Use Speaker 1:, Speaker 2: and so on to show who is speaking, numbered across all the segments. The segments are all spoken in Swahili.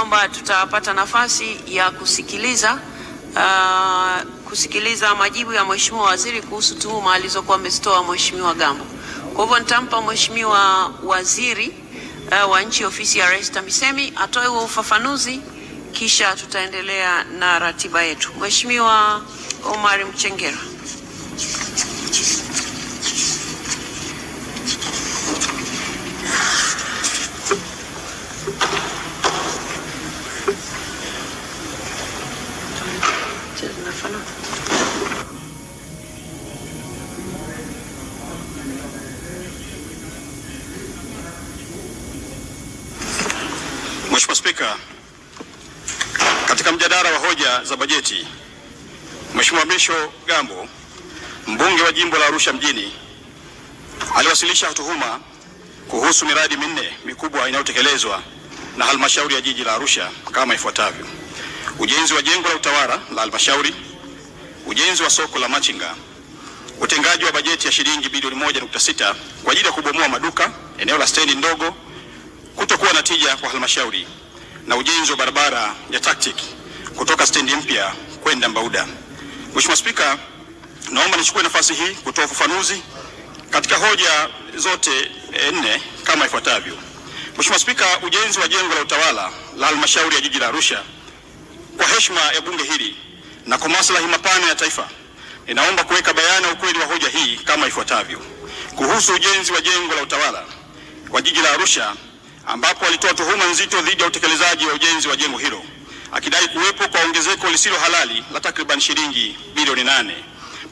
Speaker 1: kwamba tutapata nafasi ya kusikiliza uh, kusikiliza majibu ya Mheshimiwa Waziri kuhusu tuhuma alizokuwa amezitoa Mheshimiwa Gambo. Kwa hivyo nitampa Mheshimiwa Waziri uh, wa nchi ofisi ya Rais TAMISEMI atoe huo ufafanuzi kisha tutaendelea na ratiba yetu. Mheshimiwa Omar Mchengera.
Speaker 2: Afrika katika mjadala wa hoja za bajeti, Mheshimiwa Mrisho Gambo, mbunge wa jimbo la Arusha mjini, aliwasilisha tuhuma kuhusu miradi minne mikubwa inayotekelezwa na halmashauri ya jiji la Arusha kama ifuatavyo: ujenzi wa jengo la utawala la halmashauri, ujenzi wa soko la machinga, utengaji wa bajeti ya shilingi bilioni 1.6 kwa ajili ya kubomoa maduka, eneo la stendi ndogo, kutokuwa na tija kwa halmashauri na ujenzi wa barabara ya tactic kutoka stendi mpya kwenda Mbauda. Mheshimiwa Spika, naomba nichukue nafasi hii kutoa ufafanuzi katika hoja zote eh, nne kama ifuatavyo. Mheshimiwa Spika, ujenzi wa jengo la utawala la halmashauri ya jiji la Arusha kwa heshima ya bunge hili na kwa maslahi mapana ya taifa, ninaomba kuweka bayana ukweli wa hoja hii kama ifuatavyo. Kuhusu ujenzi wa jengo la utawala wa jiji la Arusha ambapo alitoa tuhuma nzito dhidi ya utekelezaji wa ujenzi wa jengo hilo akidai kuwepo kwa ongezeko lisilo halali la takriban shilingi bilioni nane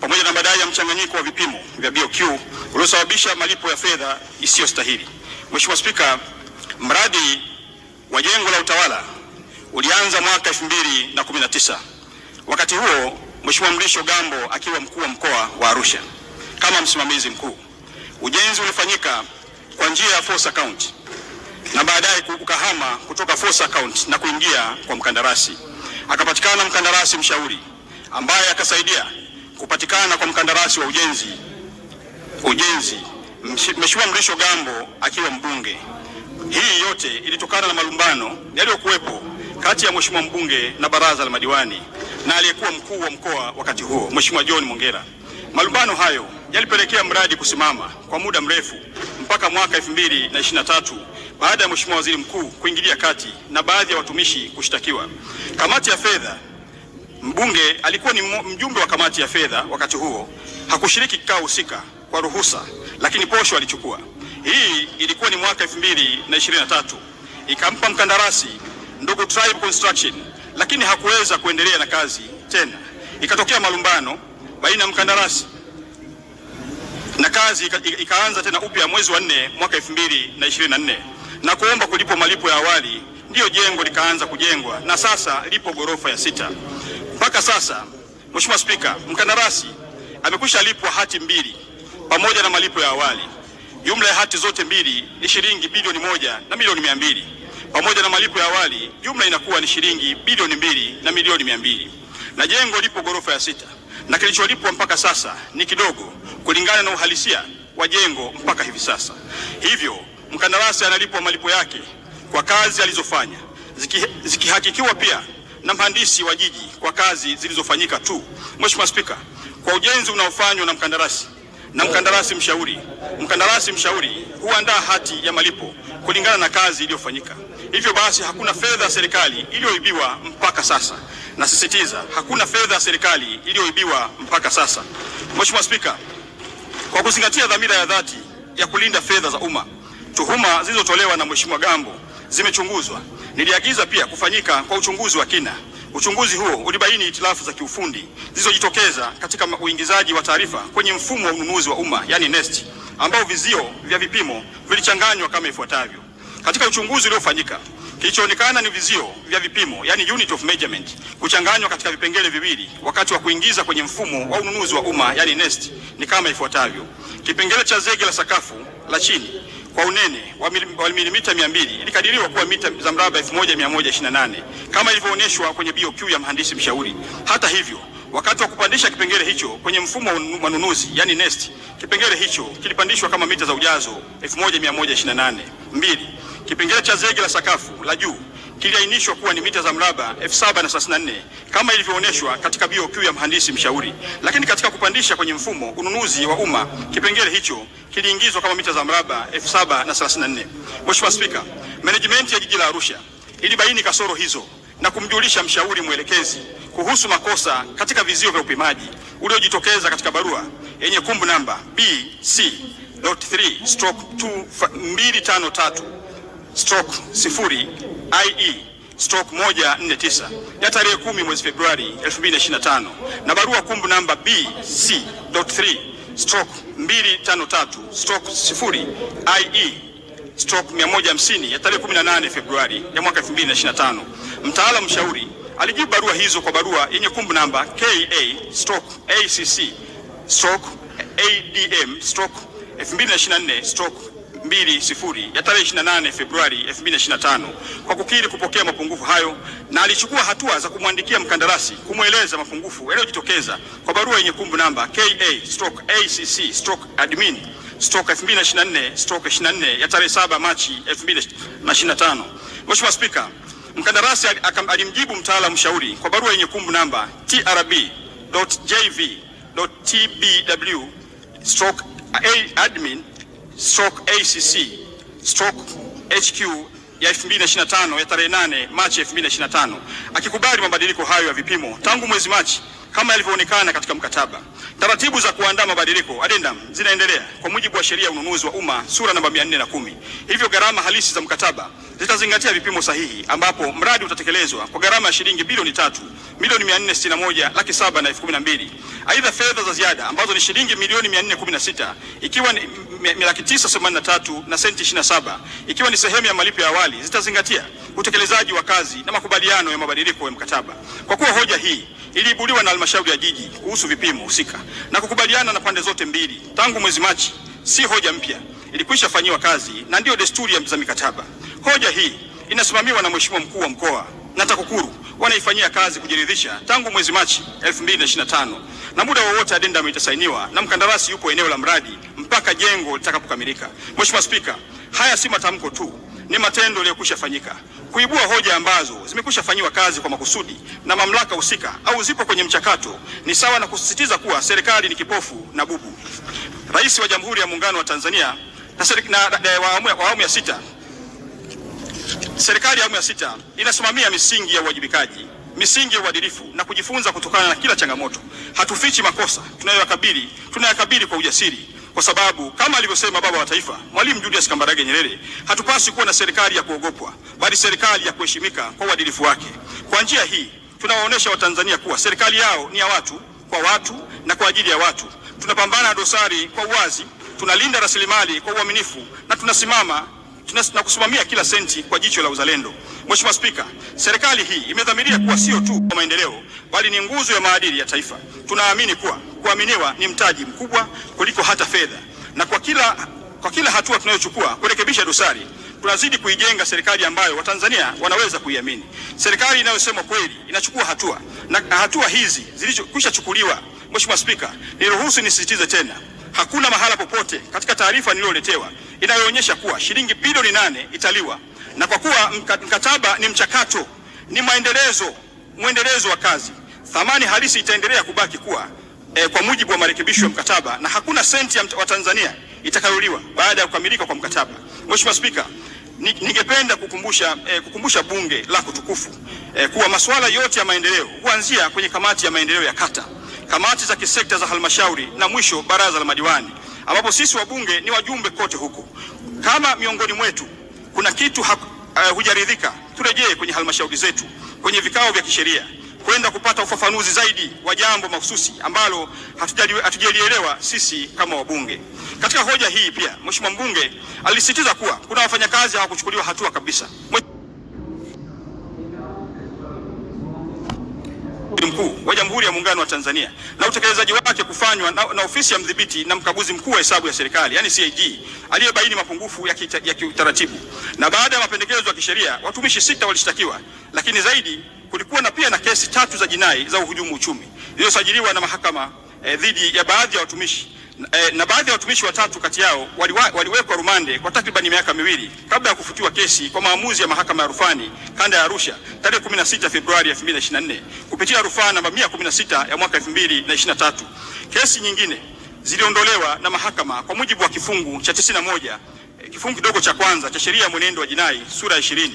Speaker 2: pamoja na madai ya mchanganyiko wa vipimo vya BOQ uliosababisha malipo ya fedha isiyo stahili. Mheshimiwa Spika, mradi wa jengo la utawala ulianza mwaka 2019. Wakati huo Mheshimiwa Mrisho Gambo akiwa mkuu wa mkoa wa Arusha kama msimamizi mkuu. Ujenzi ulifanyika kwa njia ya force account na baadaye kukahama kutoka force account na kuingia kwa mkandarasi. Akapatikana mkandarasi mshauri ambaye akasaidia kupatikana kwa mkandarasi wa ujenzi ujenzi Mheshimiwa Mrisho Gambo akiwa mbunge. Hii yote ilitokana na malumbano yaliyokuwepo kati ya mheshimiwa mbunge na baraza la madiwani na aliyekuwa mkuu wa mkoa wakati huo Mheshimiwa John Mongera. Malumbano hayo yalipelekea mradi kusimama kwa muda mrefu mpaka mwaka 2023 baada ya Mheshimiwa Waziri Mkuu kuingilia kati na baadhi ya watumishi kushtakiwa. Kamati ya fedha, mbunge alikuwa ni mjumbe wa kamati ya fedha wakati huo, hakushiriki kikao husika kwa ruhusa, lakini posho alichukua. Hii ilikuwa ni mwaka 2023 ikampa mkandarasi ndugu Tribe Construction, lakini hakuweza kuendelea na kazi tena. Ikatokea malumbano baina ya mkandarasi na kazi ikaanza tena upya mwezi wa nne mwaka 2024 na kuomba kulipwa malipo ya awali, ndiyo jengo likaanza kujengwa na sasa lipo ghorofa ya sita. Mpaka sasa, Mheshimiwa Spika, mkandarasi amekwisha lipwa hati mbili pamoja na malipo ya awali. Jumla ya hati zote mbili ni shilingi bilioni moja na milioni mia mbili pamoja na malipo ya awali, jumla inakuwa ni shilingi bilioni mbili na milioni mia mbili na jengo lipo ghorofa ya sita na kilicholipwa mpaka sasa ni kidogo kulingana na uhalisia wa jengo mpaka hivi sasa hivyo mkandarasi analipwa malipo yake kwa kazi alizofanya, zikihakikiwa ziki pia na mhandisi wa jiji kwa kazi zilizofanyika tu. Mheshimiwa Spika, kwa ujenzi unaofanywa na mkandarasi na mkandarasi mshauri, mkandarasi mshauri huandaa hati ya malipo kulingana na kazi iliyofanyika. Hivyo basi hakuna fedha ya serikali iliyoibiwa mpaka sasa. Nasisitiza, hakuna fedha ya serikali iliyoibiwa mpaka sasa. Mheshimiwa Spika, kwa kuzingatia dhamira ya dhati ya kulinda fedha za umma Tuhuma zilizotolewa na Mheshimiwa Gambo zimechunguzwa. Niliagiza pia kufanyika kwa uchunguzi wa kina. Uchunguzi huo ulibaini hitilafu za kiufundi zilizojitokeza katika uingizaji wa taarifa kwenye mfumo wa ununuzi wa umma yani NeST, ambao vizio vya vipimo vilichanganywa kama ifuatavyo. Katika uchunguzi uliofanyika, kilichoonekana ni vizio vya vipimo yani unit of measurement kuchanganywa katika vipengele viwili wakati wa kuingiza kwenye mfumo wa ununuzi wa umma yani NeST ni kama ifuatavyo: kipengele cha zege la sakafu la chini kwa unene wa milimita mbili ilikadiriwa kuwa mita za mraba 1128 kama ilivyoonyeshwa kwenye BOQ ya mhandisi mshauri. Hata hivyo, wakati wa kupandisha kipengele hicho kwenye mfumo wa manunuzi yani NeST, kipengele hicho kilipandishwa kama mita za ujazo 1128. mbili. Kipengele cha zege la sakafu la juu kiliainishwa kuwa ni mita za mraba 7034 kama ilivyoonyeshwa katika BOQ ya mhandisi mshauri, lakini katika kupandisha kwenye mfumo ununuzi wa umma kipengele hicho kiliingizwa kama mita za mraba 7034. Mheshimiwa Spika, management ya jiji la Arusha ilibaini kasoro hizo na kumjulisha mshauri mwelekezi kuhusu makosa katika vizio vya upimaji uliojitokeza katika barua yenye kumbu namba BC.3/253/0 ie stroke 149 ya tarehe 10 mwezi Februari 2025 na barua kumbu namba BC.3 stroke 253 stroke 0 ie stroke 150 ya tarehe 18 Februari ya mwaka 2025. Mtaalamu mshauri alijibu barua hizo kwa barua yenye kumbu namba KA stroke ACC stroke ADM stroke 2024 stroke 2020 ya tarehe 28 Februari 2025 kwa kukiri kupokea mapungufu hayo na alichukua hatua za kumwandikia mkandarasi kumweleza mapungufu yaliyojitokeza kwa barua yenye kumbu namba KA/ACC/admin 2024/24 ya tarehe 7 Machi 2025. Mheshimiwa Spika, mkandarasi alimjibu mtaalamu mshauri kwa barua yenye kumbu namba TRB.JV.TBW/admin stroke ACC stroke HQ ya 2025 ya tarehe 8 Machi 2025, akikubali mabadiliko hayo ya vipimo tangu mwezi Machi kama yalivyoonekana katika mkataba. Taratibu za kuandaa mabadiliko addendum zinaendelea kwa mujibu wa sheria ya ununuzi wa umma sura namba 410. Hivyo gharama halisi za mkataba zitazingatia vipimo sahihi ambapo mradi utatekelezwa kwa gharama ya shilingi bilioni tatu milioni mia nne sitini na moja laki saba na elfu kumi na mbili. Aidha, fedha za ziada ambazo ni shilingi milioni mia nne kumi na sita ikiwa ni laki tisa themanini na tatu na senti ishirini na saba ikiwa ni sehemu ya malipo ya awali zitazingatia utekelezaji wa kazi na makubaliano ya mabadiliko ya mkataba. Kwa kuwa hoja hii iliibuliwa na halmashauri ya jiji kuhusu vipimo husika na kukubaliana na pande zote mbili tangu mwezi Machi, si hoja mpya ilikwisha fanyiwa kazi na ndiyo desturi za mikataba. Hoja hii inasimamiwa na Mheshimiwa mkuu wa mkoa na TAKUKURU wanaifanyia kazi kujiridhisha tangu mwezi Machi 2025 na muda wowote adenda itasainiwa na mkandarasi yupo eneo la mradi mpaka jengo litakapokamilika. Mheshimiwa Spika, haya si matamko tu, ni matendo yaliyokwisha fanyika kuibua hoja ambazo zimekwisha fanyiwa kazi kwa makusudi na mamlaka husika au zipo kwenye mchakato ni sawa na kusisitiza kuwa serikali ni kipofu na bubu. Rais wa Jamhuri ya Muungano wa Tanzania na awamu ya sita. Serikali ya awamu ya sita inasimamia misingi ya uwajibikaji, misingi ya uadilifu na kujifunza kutokana na kila changamoto. Hatufichi makosa tunayoyakabili, tunayakabili kwa ujasiri, kwa sababu kama alivyosema baba wa taifa Mwalimu Julius Kambarage Nyerere, hatupaswi kuwa na serikali ya kuogopwa, bali serikali ya kuheshimika kwa uadilifu wake. Kwa njia hii tunawaonyesha Watanzania kuwa serikali yao ni ya watu, kwa watu na kwa ajili ya watu. Tunapambana na dosari kwa uwazi tunalinda rasilimali kwa uaminifu na tunasimama na kusimamia kila senti kwa jicho la uzalendo. Mheshimiwa Spika, serikali hii imedhamiria kuwa sio tu kwa maendeleo bali ni nguzo ya maadili ya taifa. Tunaamini kuwa kuaminiwa ni mtaji mkubwa kuliko hata fedha, na kwa kila, kwa kila hatua tunayochukua kurekebisha dosari tunazidi kuijenga serikali ambayo Watanzania wanaweza kuiamini, serikali inayosema kweli, inachukua hatua, na hatua hizi zilizokwisha chukuliwa. Mheshimiwa Spika, niruhusu nisisitize tena Hakuna mahala popote katika taarifa niliyoletewa inayoonyesha kuwa shilingi bilioni nane italiwa, na kwa kuwa mkataba ni mchakato, ni maendelezo, mwendelezo wa kazi, thamani halisi itaendelea kubaki kuwa e, kwa mujibu wa marekebisho ya mkataba, na hakuna senti wa Tanzania itakayoliwa baada ya kukamilika kwa mkataba. Mheshimiwa Spika, ningependa kukumbusha, e, kukumbusha bunge lako tukufu e, kuwa masuala yote ya maendeleo huanzia kwenye kamati ya maendeleo ya kata kamati za kisekta za halmashauri na mwisho baraza la madiwani, ambapo sisi wabunge ni wajumbe kote huko. Kama miongoni mwetu kuna kitu ha, uh, eh, hujaridhika, turejee kwenye halmashauri zetu kwenye vikao vya kisheria kwenda kupata ufafanuzi zaidi wa jambo mahususi ambalo hatujalielewa sisi kama wabunge. Katika hoja hii pia Mheshimiwa mbunge alisisitiza kuwa kuna wafanyakazi hawakuchukuliwa hatua kabisa. Waziri Mkuu wa Jamhuri ya Muungano wa Tanzania na utekelezaji wake kufanywa na, na ofisi ya mdhibiti na mkaguzi mkuu wa hesabu ya serikali yani CAG aliyebaini mapungufu ya, kita, ya kiutaratibu. Na baada ya mapendekezo ya kisheria watumishi sita walishtakiwa, lakini zaidi kulikuwa na pia na kesi tatu za jinai za uhujumu uchumi zilizosajiliwa na mahakama eh, dhidi ya baadhi ya watumishi na, eh, na baadhi ya watumishi watatu kati yao waliwekwa waliwekwa rumande kwa takribani miaka miwili kabla ya kufutiwa kesi kwa maamuzi ya mahakama ya rufani kanda ya Arusha tarehe 16 Februari 2024 kupitia rufaa namba 116 ya mwaka 2023. Kesi nyingine ziliondolewa na mahakama kwa mujibu wa kifungu cha 91 eh, kifungu kidogo cha kwanza cha sheria ya mwenendo wa jinai sura 20.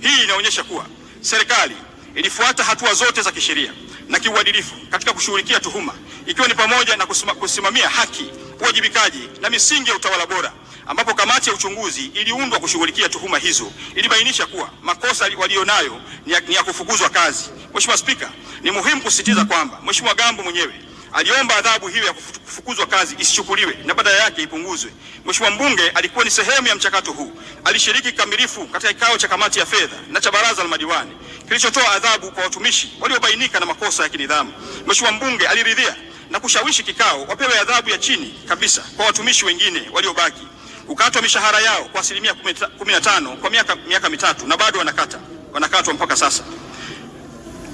Speaker 2: Hii inaonyesha kuwa serikali ilifuata hatua zote za kisheria na kiuadilifu katika kushughulikia tuhuma ikiwa ni pamoja na kusima, kusimamia haki, uwajibikaji na misingi ya utawala bora, ambapo kamati ya uchunguzi iliundwa kushughulikia tuhuma hizo ilibainisha kuwa makosa walionayo ni ya, ni ya kufukuzwa kazi. Mheshimiwa Spika, ni muhimu kusisitiza kwamba Mheshimiwa Gambo mwenyewe aliomba adhabu hiyo ya kufukuzwa kazi isichukuliwe na badala yake ipunguzwe. Mheshimiwa mbunge alikuwa ni sehemu ya mchakato huu, alishiriki kikamilifu katika kikao cha kamati ya fedha na cha baraza la madiwani kilichotoa adhabu kwa watumishi waliobainika na makosa ya kinidhamu. Mheshimiwa mbunge aliridhia na kushawishi kikao wapewe adhabu ya chini kabisa kwa watumishi wengine waliobaki kukatwa mishahara yao kwa asilimia 15 kwa miaka, miaka mitatu na bado wanakata wanakatwa mpaka sasa.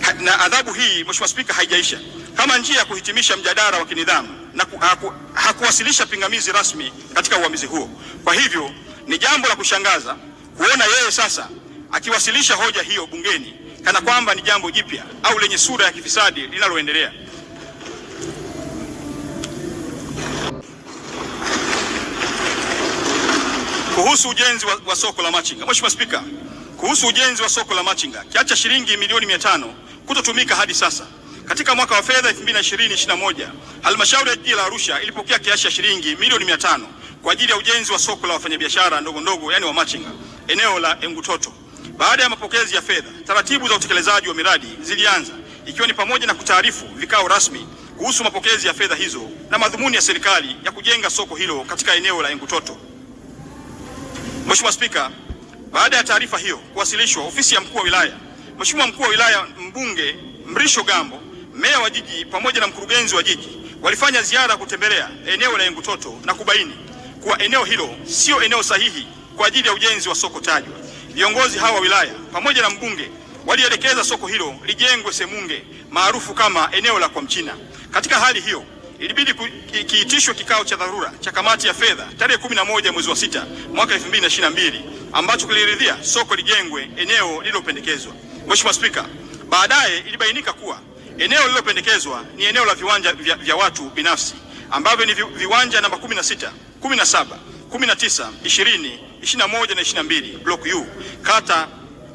Speaker 2: Ha, na adhabu hii Mheshimiwa Spika haijaisha kama njia ya kuhitimisha mjadala wa kinidhamu na ku, haku, hakuwasilisha pingamizi rasmi katika uamuzi huo. Kwa hivyo ni jambo la kushangaza kuona yeye sasa akiwasilisha hoja hiyo bungeni kana kwamba ni jambo jipya au lenye sura ya kifisadi linaloendelea. Kuhusu ujenzi wa, wa soko la machinga. Mheshimiwa Spika, kuhusu ujenzi wa soko la machinga, kiasi cha shilingi milioni 500 kutotumika hadi sasa. Katika mwaka wa fedha 2020/2021 halmashauri ya jiji la Arusha ilipokea kiasi cha shilingi milioni 500 kwa ajili ya ujenzi wa soko la wafanyabiashara ndogo ndogo, yani wa machinga eneo la Engutoto. Baada ya mapokezi ya fedha, taratibu za utekelezaji wa miradi zilianza ikiwa ni pamoja na kutaarifu vikao rasmi kuhusu mapokezi ya fedha hizo na madhumuni ya serikali ya kujenga soko hilo katika eneo la Engutoto. Mheshimiwa Spika, baada ya taarifa hiyo kuwasilishwa ofisi ya mkuu wa wilaya, Mheshimiwa mkuu wa wilaya, mbunge Mrisho Gambo, meya wa jiji pamoja na mkurugenzi wa jiji walifanya ziara kutembelea eneo la Engutoto na kubaini kuwa eneo hilo sio eneo sahihi kwa ajili ya ujenzi wa soko tajwa. Viongozi hawa wa wilaya pamoja na mbunge walielekeza soko hilo lijengwe Semunge maarufu kama eneo la kwa mchina. Katika hali hiyo ilibidi kiitishwe kikao cha dharura cha kamati ya fedha tarehe kumi 11 mwezi wa sita mwaka na mbili ambacho kiliridhia soko lijengwe eneo lililopendekezwa. Mheshimiwa Spika, baadaye ilibainika kuwa eneo lililopendekezwa ni eneo la viwanja vya, vya watu binafsi ambavyo ni viwanja namba kumi na sita, kumi na saba, kumi na tisa, ishirini, ishirini ishirini moja na mbili block U kata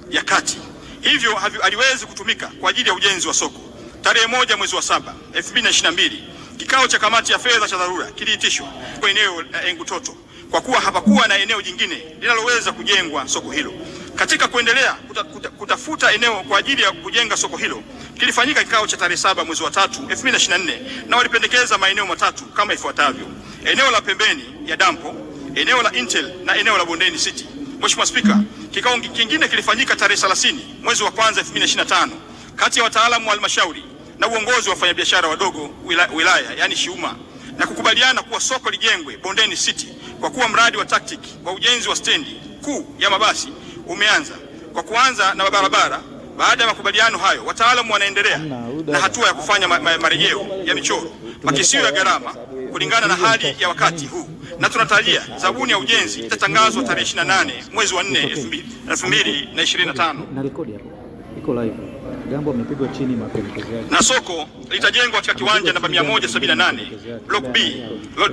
Speaker 2: ya Kati, hivyo haliwezi kutumika kwa ajili ya ujenzi wa soko. Tarehe moja mwezi wa saba elfu mbili na ishirini mbili Kikao cha kamati ya fedha cha dharura kiliitishwa kwa eneo la uh, Engutoto kwa kuwa hapakuwa na eneo jingine linaloweza kujengwa soko hilo. Katika kuendelea kuta, kuta, kutafuta eneo kwa ajili ya kujenga soko hilo, kilifanyika kikao cha tarehe saba mwezi wa tatu 2024 na walipendekeza maeneo matatu kama ifuatavyo: eneo la pembeni ya dampo, eneo la Intel na eneo la Bondeni City. Mheshimiwa Spika, kikao kingine kilifanyika tarehe 30 mwezi wa kwanza 2025 kati ya wataalamu wa halmashauri na uongozi wa wafanyabiashara wadogo wilaya, wilaya yani Shiuma na kukubaliana kuwa soko lijengwe Bondeni City kwa kuwa mradi wa tactic wa ujenzi wa stendi kuu ya mabasi umeanza kwa kuanza na barabara. Baada ya makubaliano hayo, wataalamu wanaendelea na hatua ya kufanya marejeo ya michoro, makisio ya gharama kulingana na hali ya wakati huu, na tunatarajia zabuni ya ujenzi itatangazwa tarehe 28 mwezi wa 4 2025. Gambo amepigwa chini mapendekezo yake. Na soko litajengwa katika kiwanja namba 178 block B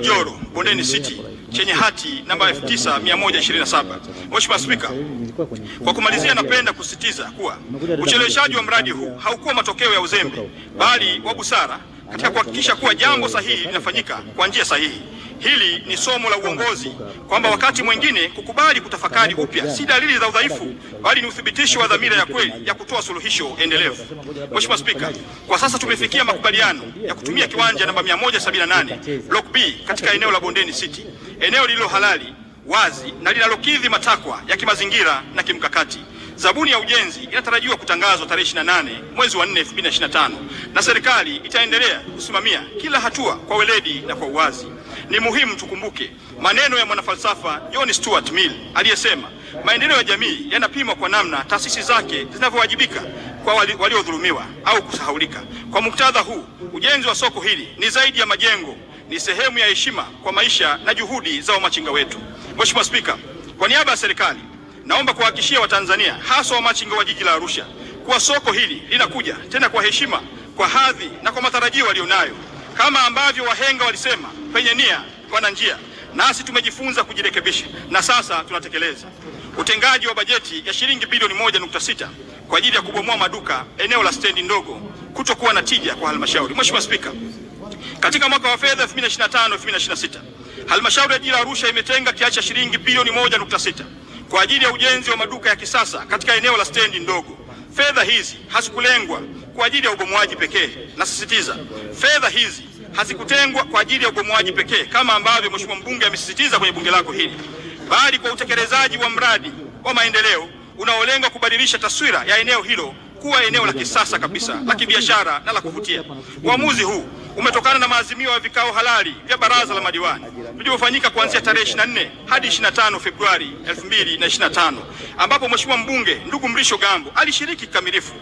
Speaker 2: joro Bondeni City chenye hati namba 9127. Mheshimiwa Spika, kwa kumalizia, napenda kusisitiza kuwa ucheleweshaji wa mradi huu haukuwa matokeo ya uzembe, bali wa busara katika kuhakikisha kuwa jambo sahihi linafanyika kwa njia sahihi. Hili ni somo la uongozi kwamba wakati mwingine kukubali kutafakari upya si dalili za udhaifu, bali ni uthibitisho wa dhamira ya kweli ya kutoa suluhisho endelevu. Mheshimiwa Spika, kwa sasa tumefikia makubaliano ya kutumia kiwanja namba 178 Block B katika eneo la Bondeni City, eneo lililo halali, wazi na linalokidhi matakwa ya kimazingira na kimkakati. Zabuni ya ujenzi inatarajiwa kutangazwa tarehe 28 mwezi wa 4 2025, na serikali itaendelea kusimamia kila hatua kwa weledi na kwa uwazi. Ni muhimu tukumbuke maneno ya mwanafalsafa John Stuart Mill aliyesema, maendeleo ya jamii yanapimwa kwa namna taasisi zake zinavyowajibika kwa waliodhulumiwa wali au kusahaulika. Kwa muktadha huu, ujenzi wa soko hili ni zaidi ya majengo, ni sehemu ya heshima kwa maisha na juhudi za wamachinga wetu. Mheshimiwa Spika, kwa niaba ya serikali naomba kuwahakikishia Watanzania hasa wamachinga wa jiji la Arusha kuwa soko hili linakuja tena kwa heshima, kwa hadhi na kwa matarajio walionayo. Kama ambavyo wahenga walisema penye nia pana njia, nasi tumejifunza kujirekebisha na sasa tunatekeleza utengaji wa bajeti ya shilingi bilioni 1.6 kwa ajili ya kubomoa maduka eneo la stendi ndogo kutokuwa na tija kwa halmashauri. Mheshimiwa Spika, katika mwaka wa fedha 2025/2026 halmashauri ya jiji la Arusha imetenga kiasi cha shilingi bilioni 1.6 kwa ajili ya ujenzi wa maduka ya kisasa katika eneo la stendi ndogo Fedha hizi hazikulengwa kwa ajili ya ubomoaji pekee. Nasisitiza, fedha hizi hazikutengwa kwa ajili ya ubomoaji pekee kama ambavyo mheshimiwa mbunge amesisitiza kwenye bunge lako hili, bali kwa utekelezaji wa mradi wa maendeleo unaolenga kubadilisha taswira ya eneo hilo kuwa eneo la kisasa kabisa la kibiashara na la kuvutia. Uamuzi huu umetokana na maazimio ya vikao halali vya baraza la madiwani vilivyofanyika kuanzia tarehe 24 hadi 25 Februari 2025 ambapo mheshimiwa mbunge ndugu Mrisho Gambo alishiriki kikamilifu.